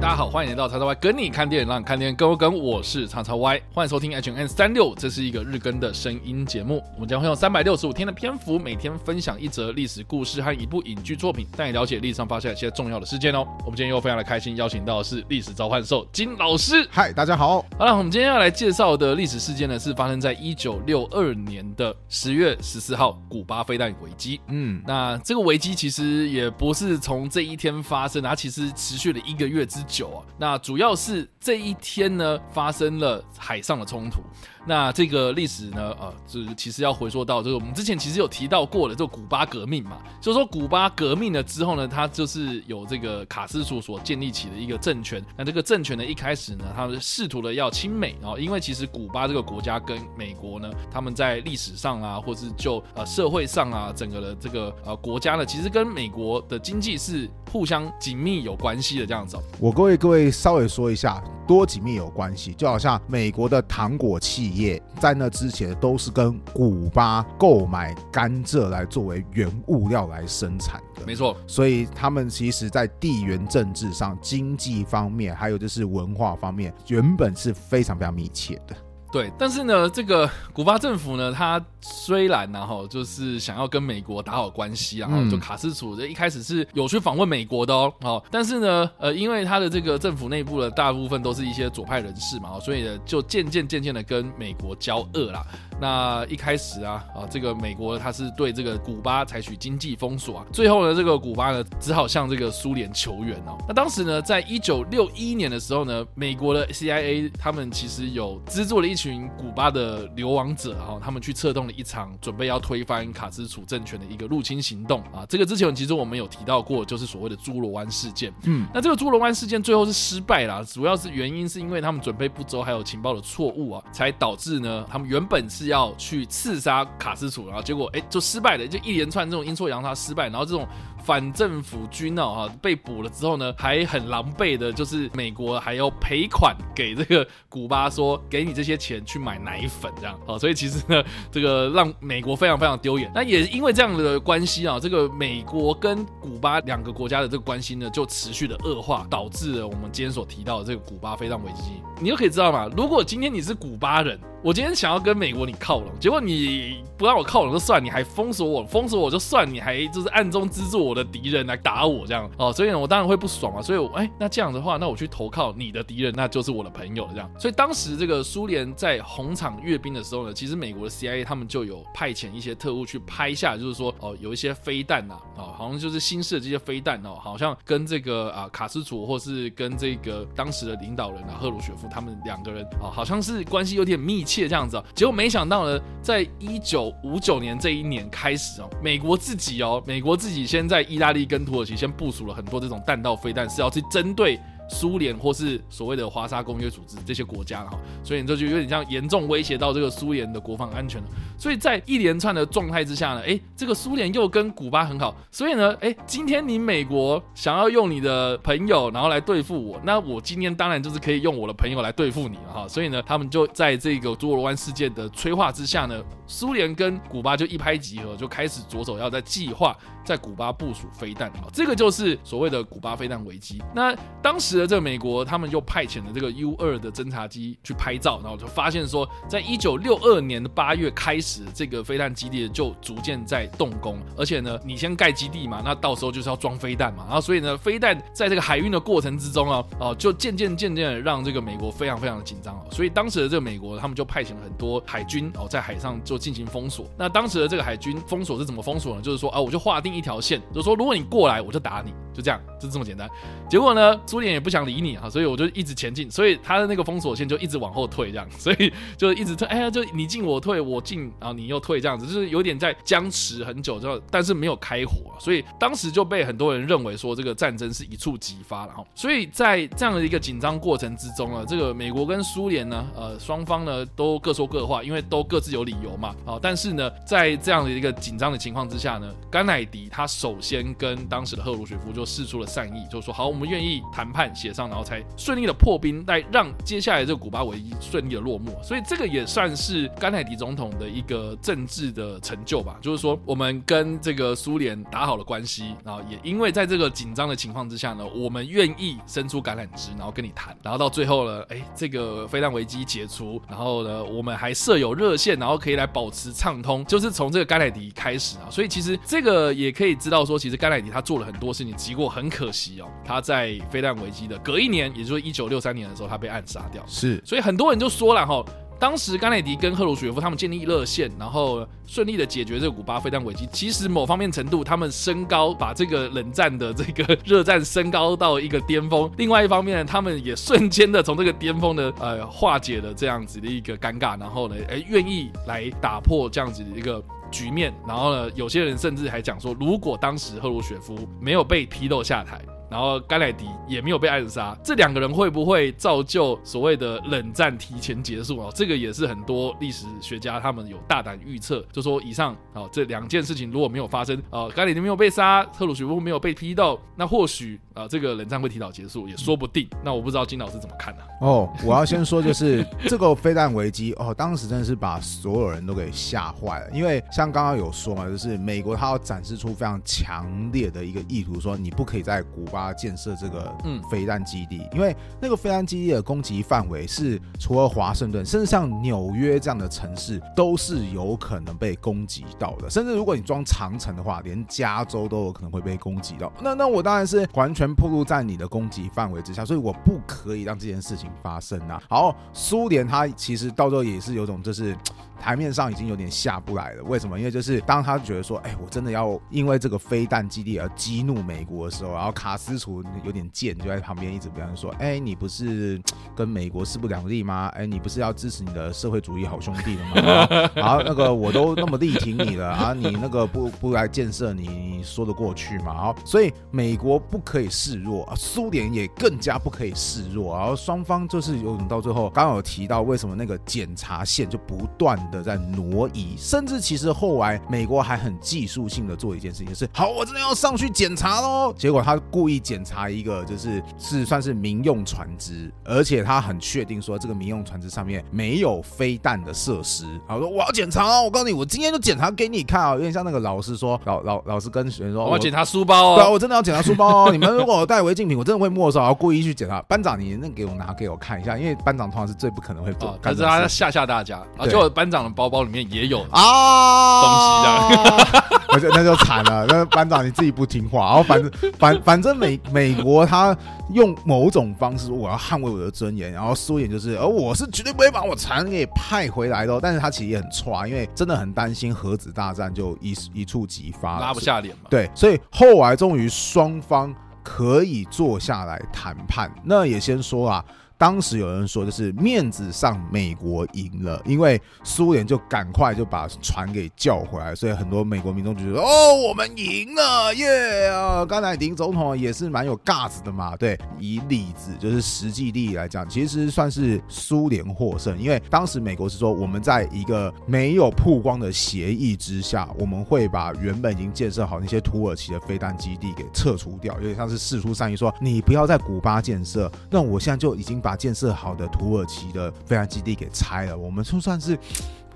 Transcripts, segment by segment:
大家好，歡迎來到叉叉歪跟你看電影，讓你看電影跟我跟。我是叉叉歪，歡迎收聽 H&M 365，這是一個日更的聲音節目。我們將會用三百六十五天的篇幅，每天分享一則歷史故事和一部影劇作品，帶你了解歷史上發生一些重要的事件哦。我們今天又非常的開心，邀請到的是歷史召喚獸金老師。嗨，大家好。好了，我們今天要來介紹的歷史事件呢，是發生在一九六二年的十月十四號，古巴飛彈危機。嗯，那這個危機其實也不是從這一天發生，它其實持續了一個月之久啊，那主要是這一天呢，發生了海上的衝突。那這個歷史呢，呃，就是其實要回溯到，就是我們之前其實有提到過的，就古巴革命嘛。所以說，古巴革命了之後呢，它就是有這個卡斯楚所建立起的一個政權。那這個政權呢，一開始呢，他們試圖的要親美，然後因為其實古巴這個國家跟美國呢，他們在歷史上啊，或是就呃社會上啊，整個的這個呃國家呢，其實跟美國的經濟是。互相緊密有關係的這樣子。哦，我各位各位，稍微說一下，多緊密有關係，就好像美國的糖果企業在那之前都是跟古巴購買甘蔗來作為原物料來生產的，沒錯，所以他們其實在地緣政治上、經濟方面，還有就是文化方面，原本是非常非常密切的。對，但是呢，這個古巴政府呢，他雖然呢、啊、哈，就是想要跟美國打好關係啊，就卡斯楚這一開始是有去訪問美國的哦，哦，但是呢，呃，因為他的這個政府內部的大部分都是一些左派人士嘛，哦，所以呢就漸漸漸漸的跟美國交惡啦。那一開始啊，啊，這個美國他是對這個古巴採取經濟封鎖啊，最後呢，這個古巴呢，只好向這個蘇聯求援哦、啊。那當時呢，在一九六一年的時候呢，美國的 CIA 他們其實有資助了一群古巴的流亡者，然後他們去策動了一場準備要推翻卡斯楚政權的一個入侵行動啊！這個之前其實我們有提到過，就是所謂的“豬玀灣事件”。嗯，那這個“豬玀灣事件”最後是失敗了，主要是原因是因為他們準備不周，還有情報的錯誤啊，才導致呢他們原本是要去刺殺卡斯楚，然後結果哎、欸、就失敗了，就一連串這種陰錯陽差失敗，然後這種。反政府軍哦、喔、哈被捕了之後呢，還很狼狽的，就是美國還要賠款給這個古巴，說給你這些錢去買奶粉這樣，好，所以其實呢，這個讓美國非常非常丟臉。那也因為這樣的關係啊、喔，這個美國跟古巴兩個國家的這個關係呢，就持續的惡化，導致了我們今天所提到的這個古巴飛彈危機。你就可以知道嘛，如果今天你是古巴人，我今天想要跟美國你靠攏，結果你不讓我靠攏就算，你還封鎖我，封鎖我就算，你還就是暗中資助我，我的敵人來打我這樣喔，所以呢，我當然會不爽啊，所以，我，哎，那這樣的話，那我去投靠你的敵人，那就是我的朋友了。這樣，所以當時這個蘇聯在紅場閱兵的時候呢，其實美國的 CIA 他們就有派遣一些特務去拍下，就是說喔，有一些飛彈吶，喔，好像就是新式的這些飛彈哦，好像跟這個啊卡斯楚或是跟這個當時的領導人啊赫魯雪夫他們兩個人啊，好像是關係有點密切這樣子。啊，結果沒想到呢，在一九五九年這一年開始喔，美國自己喔，美國自己先在。在意大利跟土耳其先部署了很多這種彈道飛彈，是要去針對蘇聯或是所謂的華沙公約組織這些國家哈，所以你就就有點像嚴重威脅到這個蘇聯的國防安全了。所以在一連串的狀態之下呢，誒，這個蘇聯又跟古巴很好，所以呢，誒，今天你美國想要用你的朋友然後來對付我，那我今天當然就是可以用我的朋友來對付你了哈。所以呢，他們就在這個豬玀灣事件的催化之下呢，蘇聯跟古巴就一拍即合，就開始着手要在計劃在古巴部署飛彈啊，這個就是所謂的古巴飛彈危機。那當時的這個美國，他們就派遣了這個 U 二的偵察機去拍照，然後就發現說，在一九六二年的八月開始，這個飛彈基地就逐漸在動工。而且呢，你先蓋基地嘛，那到時候就是要裝飛彈嘛，然後所以呢，飛彈在這個海運的過程之中啊，哦，就漸漸漸漸讓這個美國非常非常的緊張。所以當時的這個美國，他們就派遣了很多海軍哦，在海上做。進行封鎖。那當時的這個海軍封鎖是怎麼封鎖呢？就是說啊，我就劃定一條線，就是說，如果你過來，我就打你，就這樣，就這麼簡單。結果呢，蘇聯也不想理你啊，所以我就一直前進，所以他的那個封鎖線就一直往後退，這樣，所以就一直退。哎呀，就你進我退，我進，然後你又退，這樣子，就是有點在僵持很久之後，就但是沒有開火，所以當時就被很多人認為說這個戰爭是一觸即發了。然後，所以在這樣的一個緊張過程之中啊，這個美國跟蘇聯呢，呃，雙方呢都各說各話，因為都各自有理由嘛。好，但是呢，在這樣的一個緊張的情況之下呢，甘乃迪他首先跟當時的赫魯雪夫就釋出了善意，就說好，我們願意談判協商，然後才順利的破冰，來讓接下來這個古巴危機順利的落幕。所以這個也算是甘乃迪總統的一個政治的成就吧，就是說我們跟這個蘇聯打好了關係，然後也因為在這個緊張的情況之下呢，我們願意伸出橄欖枝，然後跟你談，然後到最後呢，哎，這個飛彈危機解除，然後呢，我們還設有熱線，然後可以來保。保持暢通，就是從這個甘迺迪開始啊，所以其實這個也可以知道說，其實甘迺迪他做了很多事情，結果很可惜哦，他在飛彈危機的隔一年，也就是一九六三年的時候，他被暗殺掉。是，所以很多人就說了哈。當時，甘迺迪跟赫魯雪夫他們建立熱線，然後順利的解決這個古巴飛彈危機。其實某方面程度，他們升高把這個冷戰的這個熱戰升高到一個巔峰。另外一方面，他們也瞬間的從這個巔峰的呃化解了這樣子的一個尷尬，然後呢，哎，誒願意來打破這樣子的一個局面。然後呢，有些人甚至還講說，如果當時赫魯雪夫沒有被批鬥下台。然後甘迺迪也沒有被暗殺，這兩個人會不會造就所謂的冷戰提前結束啊、哦？這個也是很多歷史學家他們有大膽預測，就說以上啊、哦、這兩件事情如果沒有發生，啊、呃，甘迺迪沒有被殺，赫魯雪夫沒有被批鬥，那或許啊、呃、這個冷戰會提早結束也說不定。那我不知道金老師怎麼看呢、啊？哦，我要先說就是 這個飛彈危機哦，當時真的是把所有人都給嚇壞了，因為像剛剛有說嘛，就是美國它要展示出非常強烈的一個意圖，說你不可以在古巴。他建設這個嗯飛彈基地，因為那個飛彈基地的攻擊範圍是，除了華盛頓，甚至像紐約這樣的城市都是有可能被攻擊到的。甚至如果你裝長程的話，連加州都有可能會被攻擊到。那那我當然是完全暴露在你的攻擊範圍之下，所以我不可以讓這件事情發生啊。好，蘇聯它其實到時候也是有種就是。檯面上已經有點下不來了，為什麼？因為就是當他覺得說，哎，我真的要因為這個飛彈基地而激怒美國的時候，然後卡斯楚有點賤，就在旁邊一直這樣說，哎，你不是跟美國勢不兩立嗎？哎，你不是要支持你的社會主義好兄弟的嗎？然後那個我都那麼力挺你了啊，你那個不不來建設，你說得過去嗎？好，所以美國不可以示弱，蘇聯也更加不可以示弱，然後雙方就是有點到最後，剛好提到為什麼那個檢查線就不斷，的在挪移，甚至其實後來美國還很技術性的做一件事情，是好，我真的要上去檢查嘍。結果他故意檢查一個，就是是算是民用船隻，而且他很確定說這個民用船隻上面沒有飛彈的設施。他，說我要檢查哦，我告訴你，我今天就檢查給你看啊，哦，有點像那個老師說，老老老師跟學生說，我、啊、我要檢查書包哦，對啊，我真的要檢查書包哦，你們如果有帶違禁品，我真的會沒收，然後故意去檢查。班長，你那給我拿給我看一下，因為班長通常是最不可能會做，可是他嚇嚇大家啊，就班長，包包裡面也有啊東西啊 那，那就那就慘了。 那班長你自己不聽話，然後反正反反正美美國他用某種方式，我要捍衛我的尊嚴，然後蘇聯就是，而、呃、我是絕對不會把我殘給派回來的。但是他其實也很挫，因為真的很擔心核子大戰就一一觸即發了，拉不下臉嘛。對，所以後來終於雙方可以坐下來談判。那也先說啊。當時有人說，就是面子上美國贏了，因為蘇聯就趕快就把船給叫回來，所以很多美國民眾就覺得哦，我們贏了，耶、yeah, 啊、哦！甘迺迪總統也是蠻有尬子的嘛。對，以例子就是實際利益來講，其實算是蘇聯獲勝，因為當時美國是說，我們在一個沒有曝光的協議之下，我們會把原本已經建設好那些土耳其的飛彈基地給撤除掉，因為像是釋出善意，說你不要在古巴建設，那我現在就已經把。把建設好的土耳其的飛彈基地給拆了，我們就算是。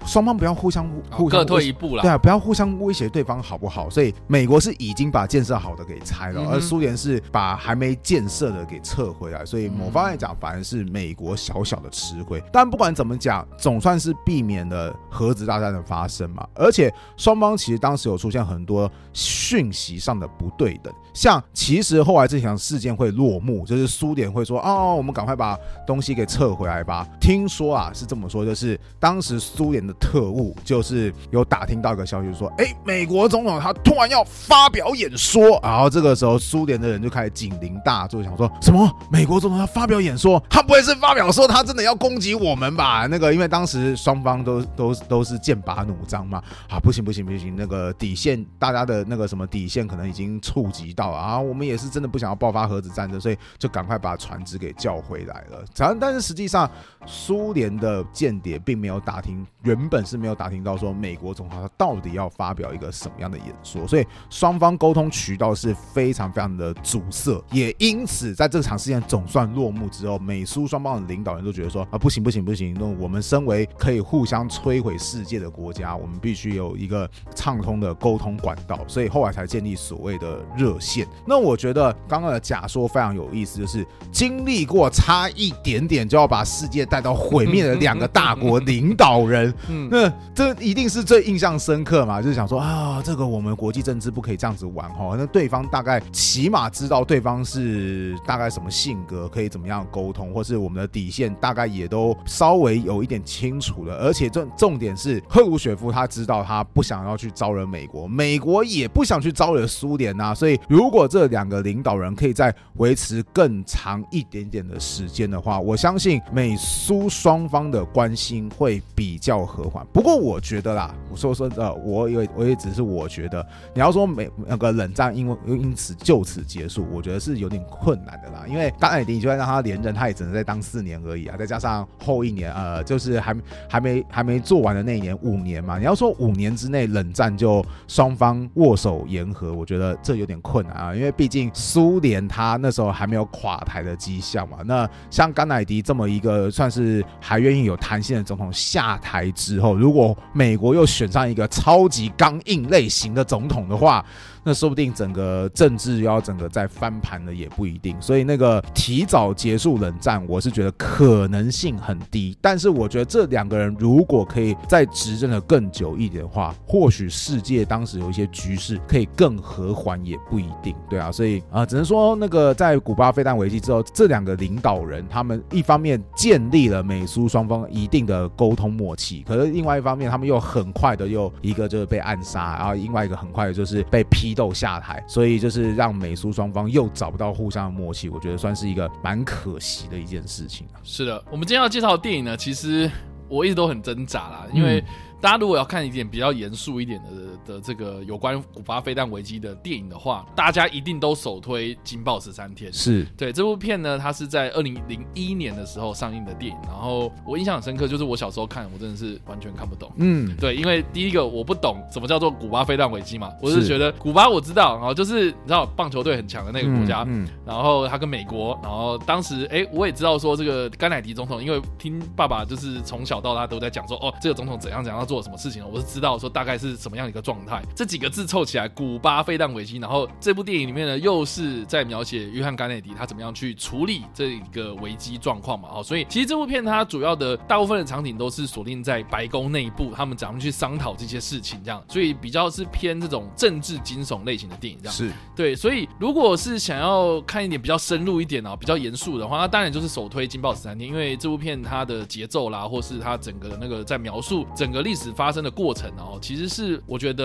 雙方不要互相互、互相各退一步了。對啊，不要互相威脅對方，好不好？所以美國是已經把建設好的給拆了，而蘇聯是把還沒建設的給撤回來，所以某方面講反而是美國小小的吃虧。但不管怎麼講，總算是避免了核子大戰的發生嘛。而且雙方其實當時有出現很多訊息上的不對等，像其實後來這場事件會落幕，就是蘇聯會說：“哦，我們趕快把東西給撤回來吧。”聽說啊是這麼說，就是當時蘇聯。的特務就是有打聽到一個消息，說哎、欸，美國總統他突然要發表演說，然後這個時候蘇聯的人就開始警鈴大作，想說什麼？美國總統要發表演說，他不會是發表說他真的要攻擊我們吧？那個因為當時雙方都都都是劍拔弩張嘛，啊不行、不行、不行，那個底線大家的那個什麼底線可能已經觸及到了啊，我們也是真的不想要爆發核子戰爭，所以就趕快把船只給叫回來了。反正但是實際上蘇聯的間諜並沒有打聽原。原本是沒有打聽到說美國總統他到底要發表一個什麼樣的演說，所以雙方溝通渠道是非常非常的阻塞。也因此，在這場事件總算落幕之後，美蘇雙方的領導人都覺得說，啊，不行不行不行，那我們身為可以互相摧毀世界的國家，我們必須有一個暢通的溝通管道，所以後來才建立所謂的熱線。那我覺得剛剛的假說非常有意思，就是經歷過差一點點就要把世界帶到毀滅的兩個大國領導人，嗯，那這一定是最印象深刻嘛？就是想說啊，這個我們國際政治不可以這樣子玩哈、哦。那對方大概起碼知道對方是大概什麼性格，可以怎麼樣溝通，或是我們的底線大概也都稍微有一點清楚了。而且重重點是，赫魯雪夫他知道他不想要去招惹美國，美國也不想去招惹蘇聯吶、啊。所以，如果這兩個領導人可以再維持更長一點點的時間的話，我相信美蘇雙方的關心會比較。和緩。不過我覺得啦，我說說呃，我也我也只是我覺得，你要說沒，那個冷戰因為因此就此結束，我覺得是有點困難的啦。因為甘迺迪你就算讓他連任，他也只能再當四年而已啊。再加上後一年，呃，就是還還沒還沒做完的那一年，五年嘛。你要說五年之內冷戰就雙方握手言和，我覺得這有點困難啊。因為畢竟蘇聯他那時候還沒有垮台的跡象嘛。那像甘迺迪這麼一個算是還願意有彈性的總統下台。如果美國又選上一個超級剛硬類型的總統的話。那說不定整個政治要整個再翻盤了也不一定，所以那個提早結束冷戰，我是覺得可能性很低。但是我覺得這兩個人如果可以再執政的更久一點的話，或許世界當時有一些局勢可以更和緩也不一定，對啊。所以啊、呃，只能說那個在古巴飛彈危機之後，這兩個領導人他們一方面建立了美蘇雙方一定的溝通默契，可是另外一方面他們又很快的又一個就是被暗殺，然後另外一個很快的就是被批鬥下台，所以就是讓美蘇雙方又找不到互相的默契，我覺得算是一個蠻可惜的一件事情啊。是的，我們今天要介紹的電影呢，其實我一直都很掙扎啦，因為。嗯。大家如果要看一點比較嚴肅一點的的，的這個有關古巴飛彈危機的電影的話，大家一定都首推《驚爆十三天》是是對這部片呢，它是在二零零一年的時候上映的電影。然後我印象很深刻，就是我小時候看，我真的是完全看不懂。嗯，對，因為第一個我不懂什麼叫做古巴飛彈危機嘛，我是覺得是古巴我知道，然後就是你知道棒球隊很強的那個國家，嗯，嗯，然後他跟美國，然後當時哎、欸、我也知道說這個甘迺迪總統，因為聽爸爸就是從小到大都在講說哦，這個總統怎樣怎樣做。做什麼事情呢？我是知道說大概是什麼樣的一個狀態。這幾個字湊起來“古巴飛彈危機”，然後這部電影裡面呢，又是在描寫約翰·甘迺迪他怎麼樣去處理這一個危機狀況嘛。哦，所以其實這部片它主要的大部分的場景都是鎖定在白宮內部，他們怎樣去商討這些事情，這樣，所以比較是偏這種政治驚悚類型的電影，這樣是對。所以如果是想要看一點比較深入一點啊，比較嚴肅的話，那當然就是首推《驚爆十三天》，因為這部片它的節奏啦，或是它整個的那個在描述整個歷史。發生的過程，哦，其實是我覺得，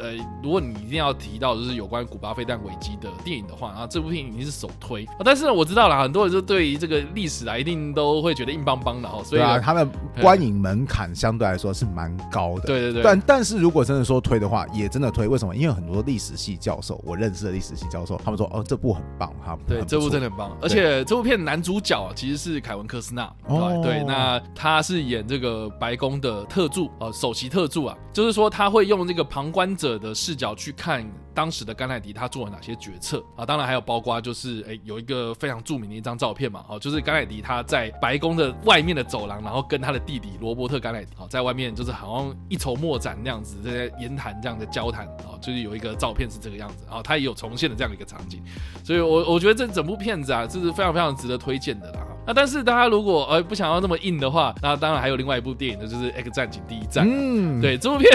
呃、欸，如果你一定要提到就是有關古巴飛彈危機的電影的話，啊，這部片已經是首推。啊、但是呢我知道了，很多人就對於這個歷史啊，一定都會覺得硬邦邦的哦，所以啊，他的觀影門檻、欸、相對來說是蠻高的。對對對，但但是如果真的說推的話，也真的推，為什麼？因為很多歷史系教授，我認識的歷史系教授，他們說哦、呃，這部很棒他們對，這部真的很棒。對而且這部片男主角其實是凱文·科斯納，對、哦、對，那他是演這個白宮的特助首席特助啊，就是說他會用這個旁觀者的視角去看當時的甘迺迪他做了哪些決策啊，當然還有包括就是哎，有一個非常著名的一張照片嘛，哦，就是甘迺迪他在白宮的外面的走廊，然後跟他的弟弟羅伯特甘迺迪哦在外面就是好像一籌莫展那樣子在言談這樣的交談啊、哦，就是有一個照片是這個樣子啊、哦，他也有重現的這樣的一個場景，所以我我覺得這整部片子啊，這是非常非常值得推薦的啦。那但是大家如果呃、欸、不想要那麼硬的話，那當然還有另外一部電影呢就是《X 戰警：第一戰》啊。嗯，對，這部片，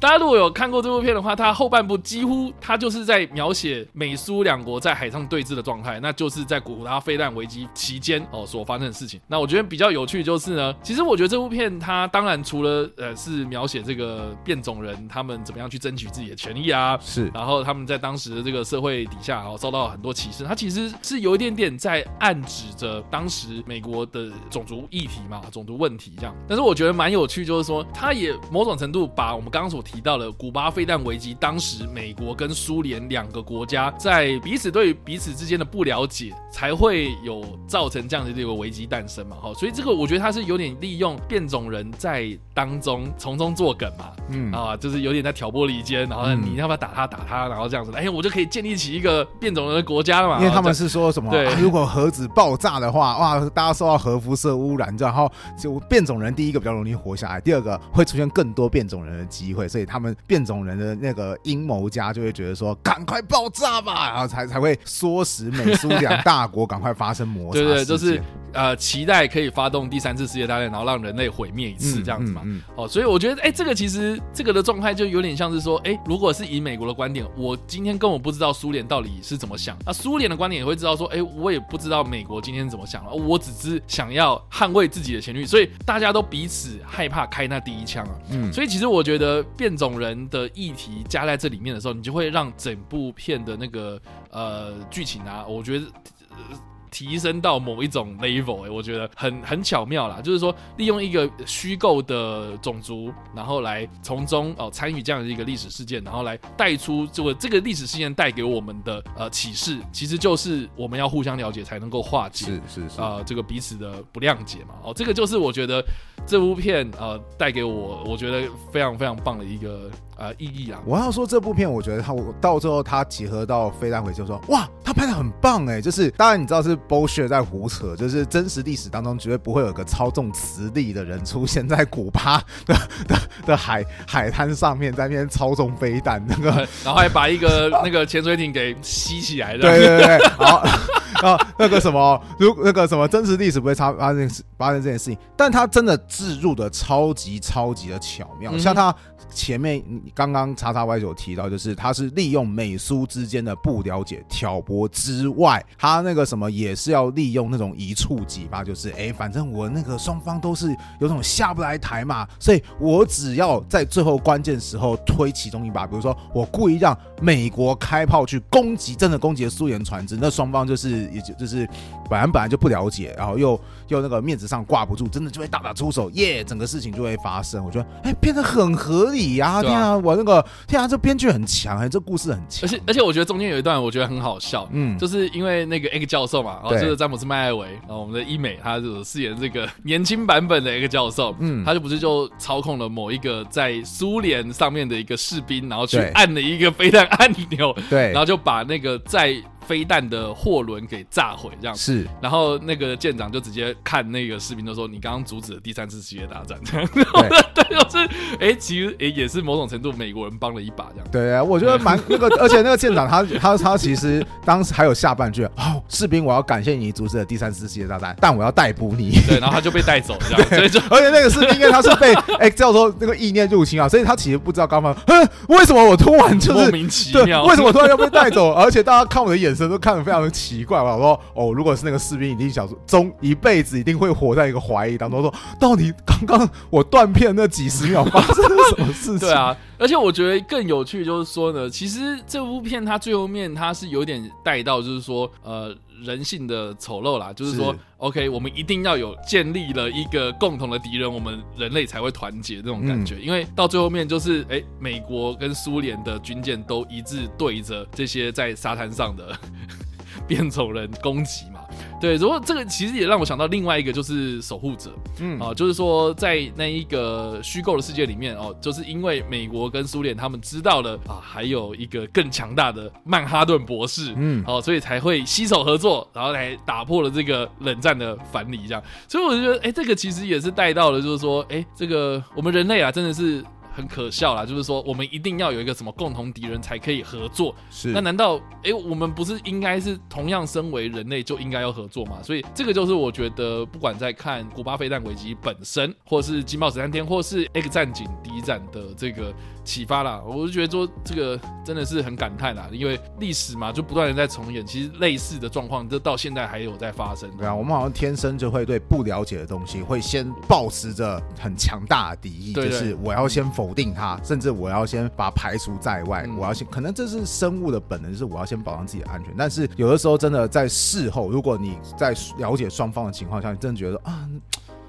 大家如果有看過這部片的話，它後半部幾乎它就是在描寫美蘇兩國在海上對峙的狀態，那就是在古巴飛彈危機期間哦所發生的事情。那我覺得比較有趣的就是呢，其實我覺得這部片它當然除了呃是描寫這個變種人他們怎麼樣去爭取自己的權益啊，是，然後他們在當時的這個社會底下哦遭到了很多歧視，它其實是有一點點在暗指着當時。是美國的種族議題嘛，種族問題這樣，但是我覺得蠻有趣，就是說他也某種程度把我們剛剛所提到的古巴飛彈危機，當時美國跟蘇聯兩個國家在彼此對於彼此之間的不了解，才會有造成這樣子的一個危機誕生嘛。哈，所以這個我覺得他是有點利用變種人在當中從中作梗嘛，嗯啊，就是有點在挑撥離間，然後你要不要打他打他，嗯、然後這樣子，哎、欸，我就可以建立起一個變種人的國家了嘛。因為他們是說什麼對、啊，如果核子爆炸的話，大家受到核輻射污染，然後就變種人第一個比較容易活下來，第二個會出現更多變種人的機會，所以他們變種人的那個陰謀家就會覺得說，趕快爆炸吧，然後才才會唆使美蘇兩大國趕快發生摩擦。 對，對對，就是呃期待可以發動第三次世界大戰，然後讓人類毀滅一次，嗯嗯嗯，這樣子嘛。哦，所以我覺得，哎，這個其實這個的狀態就有點像是說，哎，如果是以美國的觀點，我今天根本不知道蘇聯到底是怎麼想；那蘇聯的觀點也會知道說，哎，我也不知道美國今天怎麼想了。我只是想要捍衛自己的權利，所以大家都彼此害怕開那第一槍啊。嗯，所以其實我覺得變種人的議題加在這裡面的時候，你就會讓整部片的那個呃劇情啊，我覺得。呃提升到某一種 level，哎、欸，我覺得很很巧妙啦，就是說利用一個虛構的種族，然後來從中哦參與這樣的一個歷史事件，然後來帶出這個這個歷史事件帶給我們的呃啟示，其實就是我們要互相了解才能夠化解。是是是啊、呃、這個彼此的不諒解嘛，哦、呃，這個就是我覺得這部片啊呃，帶給我我覺得非常非常棒的一個。呃，意義啊！我要說這部片，我覺得他，我到最後他結合到飛彈危機就說，哇，他拍得很棒哎、欸！就是當然你知道是 bullshit 在胡扯，就是真實歷史當中絕對不會有個操縱磁力的人出現在古巴的的、的、的海海灘上面，在那邊操縱飛彈那個、嗯，然後還把一個那個潛水艇給吸起來了。 對對對、對好，然後那個什麼，如那個什麼，真實歷史不會差發生發生這件事情，但他真的置入的超級超級的巧妙，嗯、哼像他前面。剛剛 XXY 有提到，就是他是利用美蘇之間的不了解挑撥之外，他那個什麼也是要利用那種一觸即發，就是哎、欸，反正我那個雙方都是有種下不來台嘛，所以我只要在最後關鍵時候推其中一把，比如說我故意讓美國開炮去攻擊，真的攻擊蘇聯船只，那雙方就是也就就是本來本來就不了解，然後又又那個面子上掛不住，真的就會大打,打出手，耶，整個事情就會發生，我覺得哎、欸，變得很合理呀、啊，啊、對啊。我那個天啊，這編劇很強哎，這故事很強，而且而且我覺得中間有一段我覺得很好笑，嗯，就是因為那個 X 教授嘛、啊，哦，對 就是詹姆斯麥艾維，然後我們的醫美，他就飾演這個年輕版本的 X 教授，嗯，他就不是就操控了某一個在蘇聯上面的一個士兵，然後去按了一個飛彈按鈕，對，然後就把那個在。飛彈的貨輪給炸毀，這樣子是，然後那個艦長就直接看那個士兵，就說：“你剛剛阻止了第三次世界大戰。”對， 就是哎、欸，其實哎、欸、也是某種程度美國人幫了一把這樣。對啊，我覺得蠻、欸、那個，而且那個艦長他 他他，他其實當時還有下半句：“哦，士兵，我要感謝你阻止了第三次世界大戰，但我要逮捕你。”對，然後他就被帶走這樣子。 對 所以就而且那個士兵因為他是被哎、 欸、叫做那個意念入侵啊，所以他其實不知道剛剛哼為什麼我突然就是莫名其妙，為什麼突然要被帶走？而且大家看我的眼。都看得非常的奇怪吧，我說哦，如果是那個士兵，一定想說，終一輩子一定會活在一個懷疑當中，說到底，剛剛我斷片那幾十秒發生了什麼事情？ 對啊，而且我覺得更有趣就是說呢，其實這部片它最後面它是有點帶到，就是說呃。人性的醜陋啦，就是說是，OK，我們一定要有建立了一個共同的敵人，我們人類才會團結這種感覺。嗯，因為到最後面，就是哎，美國跟蘇聯的軍艦都一致對着這些在沙灘上的呵呵變種人攻擊嘛。對，如果這個其實也讓我想到另外一個，就是守護者，嗯，啊，就是說在那一個虛構的世界裡面哦、啊，就是因為美國跟蘇聯他們知道了啊，還有一個更強大的曼哈頓博士，嗯，哦、啊，所以才會攜手合作，然後來打破了這個冷戰的樊籬，這樣，所以我覺得，哎，這個其實也是帶到了，就是說，哎，這個我們人類啊，真的是。很可笑啦，就是說我們一定要有一個什麼共同敵人才可以合作。是，那難道哎、欸，我們不是應該是同樣身為人類就應該要合作嗎？所以這個就是我覺得，不管在看古巴飛彈危機本身，或是《驚爆十三天》，或是《X 戰警》第一戰的這個。啟發啦，我就覺得說這個真的是很感嘆啦。因為歷史嘛，就不斷的在重演，其實類似的狀況，這到現在還有在發生。對啊，我們好像天生就會對不了解的東西，會先抱持著很強大的敵意，對對對，就是我要先否定它，嗯、甚至我要先把它排除在外，嗯、我要先，可能這是生物的本能，就是我要先保障自己的安全。但是有的時候，真的在事後，如果你在了解雙方的情況下，你真的覺得啊，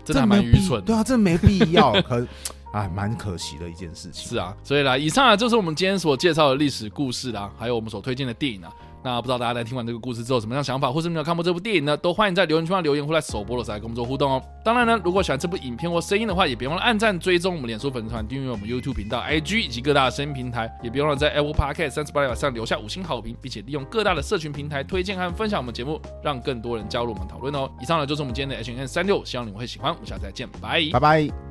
真的還蠻愚蠢，愚蠢的，對啊，這沒必要。可 啊，蠻可惜的一件事情。是啊，所以啦，以上啊，就是我們今天所介紹的歷史故事啊，還有我們所推薦的電影啊。那不知道大家在聽完這個故事之後，什麼樣想法，或是有沒有看過這部電影呢？都歡迎在留言區上留言，或在首播的時候來跟我們做互動哦。當然呢，如果喜歡這部影片或聲音的話，也別忘了按讚、追蹤我們臉書粉絲團、訂閱我們 YouTube 頻道、IG 以及各大的聲音平台，也別忘了在 Apple Podcast、三十八上留下五星好評，並且利用各大的社群平台推薦和分享我們節目，讓更多人加入我們討論哦。以上呢，就是我們今天的 H&M 365，36, 希望你們會喜歡。我們下次再見，拜拜。Bye bye